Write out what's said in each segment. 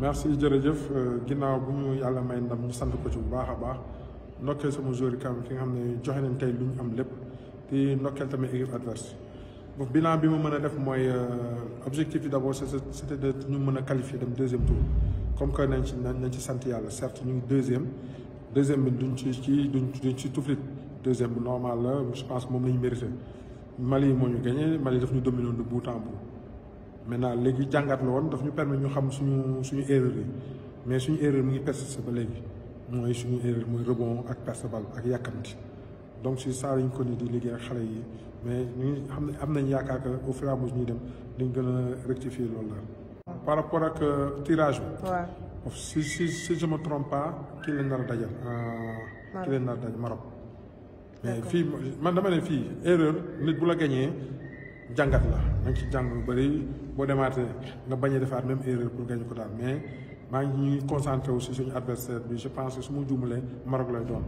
merci jërëjëf euh, ginnaaw bu ñu yàlla may ndam ñu sant ko ci bu baax a baax ndokkeel sama joueur yi kam fi nga xam ne joxe nañ tey lu ñu am lépp di ndokkeel tamit équipe adverse bu bilan bi mu mën a def mooy euh, objectif yi d' abord c'était de ñu mën a qualifier dem deuxième tour comme que nañ ci nañ ci sant yàlla certes ñu ngi deuxième deuxième bi duñ ci ci duñ duñ ci tuflit deuxième bu normal la je pense moom lañu mérité Mali moo ñu gagné Mali daf ñu dominer de bout maintenant léegi jàngat la woon daf ñu permettre ñu xam suñu suñu erreur yi mais suñu erreur mu ngi persiste ba léegi mooy suñu erreur mooy rebond ak perte balle ak yàkkamti donc si saa lañ ko ni di liggéey ak xale yi mais ñu ngi xam ne am nañ yaakaar que au fur et ñuy dem dañ gën a rectifier loolu la. par rapport ak euh, tirage bi. si si si je me trompe kii leen nar a dajal. Euh, Maroc leen nar a dajal Maroc. mais fii man dama ne fii erreur nit bu la gañee jàngat la da ci jàng yu bëri boo demaatee nga bañ a defaat même erreur pour gagner ko daal mais maa ngi ñuy concentré aussi suñu adversaire bi je pense que su ma juumalee Maroc lay doon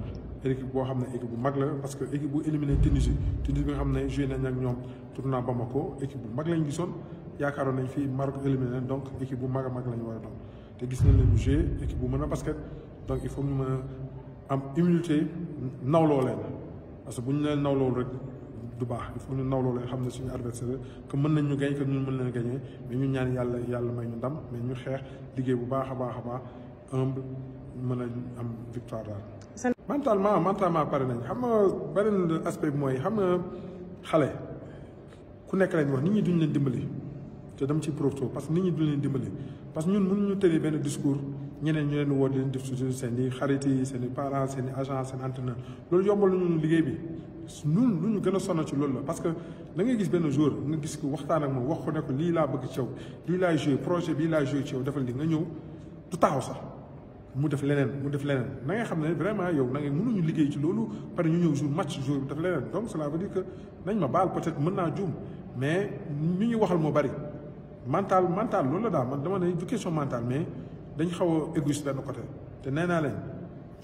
équipe boo xam ne équipe bu mag la parce que équipe bu éliminé Tunisie Tunisie nga xam ne joué nañ ak ñoom tournoi Bamako équipe bu mag lañ gisoon yaakaaroon nañ fii Maroc éliminé leen donc équipe bu mag mag lañ war a doon te gis nañ leen joué équipe bu mën a basket donc il faut ñu mën a am immunité nawloo leen parce que bu ñu leen nawloo rek. du baax il faut ñu nawloo leen xam ne suñu adversaire que mën nañ ñu gañ que ñun mën leen gañee mais ñu ñaan yàlla yàlla may ñu ñu xeex liggéey bu baax a baax a baax humble mën a am victoire daal. mentalement mentalement pare nañ xam nga beneen aspect bi mooy xam nga xale ku nekk lañ wax nit ñi duñ leen dimbali te dama ci profité parce que nit ñi duñ leen dimbali parce que ñun mënuñu tënee benn discours. ñeneen ñu leen woo di leen def toujours seen i yi seen i parents seen i agents seen entraîneur loolu yombal nañu liggéey bi ñun lu ñu gën a sonal ci loolu la parce que da ngay gis benn jour nga gis ko waxtaan ak moom wax ko ne ko lii laa bëgg ci yow lii laay joué projet bii laay joué ci yow defal li nga ñëw du taxaw sax mu def leneen mu def leneen na nga xam ne vraiment yow na nga mënuñu liggéey ci loolu pare ñu ñëw jour match jour bi def leneen donc cela veut dire que nañ ma baal peut-être mën naa juum mais ñu ñu waxal moo bari mental mental loolu la daal man dama ne du question mais dañ xaw a égoïste benn côté te nee naa leen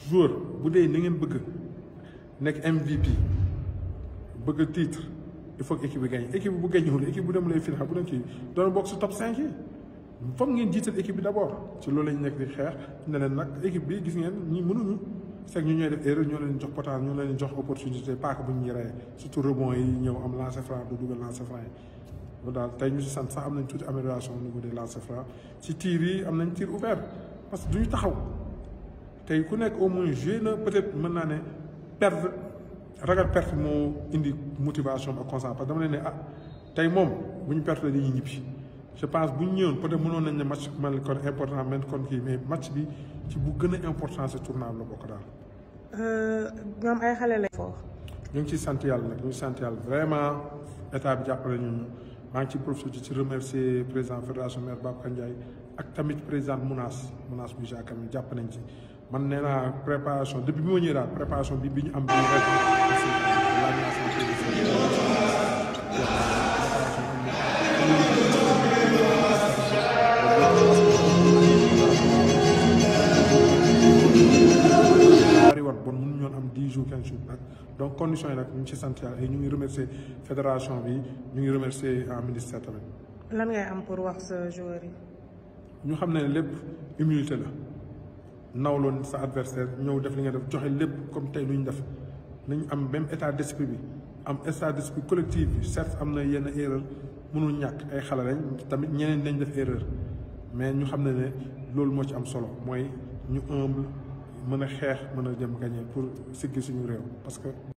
joueur bu dee na ngeen bëgg nekk MVP. bëgg titre il faut que équipe bi gagne équipe bu gagnewul équipe bu dem lay final bu dem kii doon bokk si top 5 yi foog ngeen jiital équipe bi d' abord ci loolu lañ nekk di xeex ne nag équipe bi gis ngeen ñi mënuñu fekk ñu ñooy def erreur ñoo leen jox potaar ñoo leen jox opportunité paak bu ñuy rey surtout rebond yi ñëw am lancer franc du dugal lancer franc yi loolu daal tey ñu si sant sax am nañ tuuti amélioration au niveau des lancer franc ci tiir yi am nañ que du ñu taxaw tey ku nekk au moins naa ne ragal perte mu indi motivation ak constant parce que dama leen ne ah tey moom bu ñu perte dañuy ñibbi je pense bu ñu ñëwoon peut-être mënoon nañ ne match man kon important man kon kii mais match bi ci bu gën a important ce tournant la bokk daal. Euh, ñoom ay xale lañ. ñu ngi ciy sant yàlla nag ñu ngi sant vraiment état bi jàppale ñu. maa ngi ci profité ci remercier président fédération maire Babacar Ndiaye ak tamit président Mounas Mounas bu jàkkaarloo jàpp nañ ci man nee naa préparation depuis bi ma ñëwee daal préparation bi bi ñu am bi rek jours quinze jours nag donc conditions yi nag ñu ngi ci sant yàlla fédération bi ñu ngi remercier en ministère tamit. lan ngay am pour wax sa joueur yi. ñu xam ne lépp humilité la nawloon sa adversaire ñëw def li nga def joxe lépp comme tey lu ñu def nañ am même état d'esprit bi am état d'esprit collectif bi am na yenn erreur mënul ñàkk ay xale lañ tamit ñeneen dañ def erreur mais ñu xam ne ne loolu moo ci am solo mooy ñu humble mën a xeex mën a jëm kañe pour siggi suñu réew parce que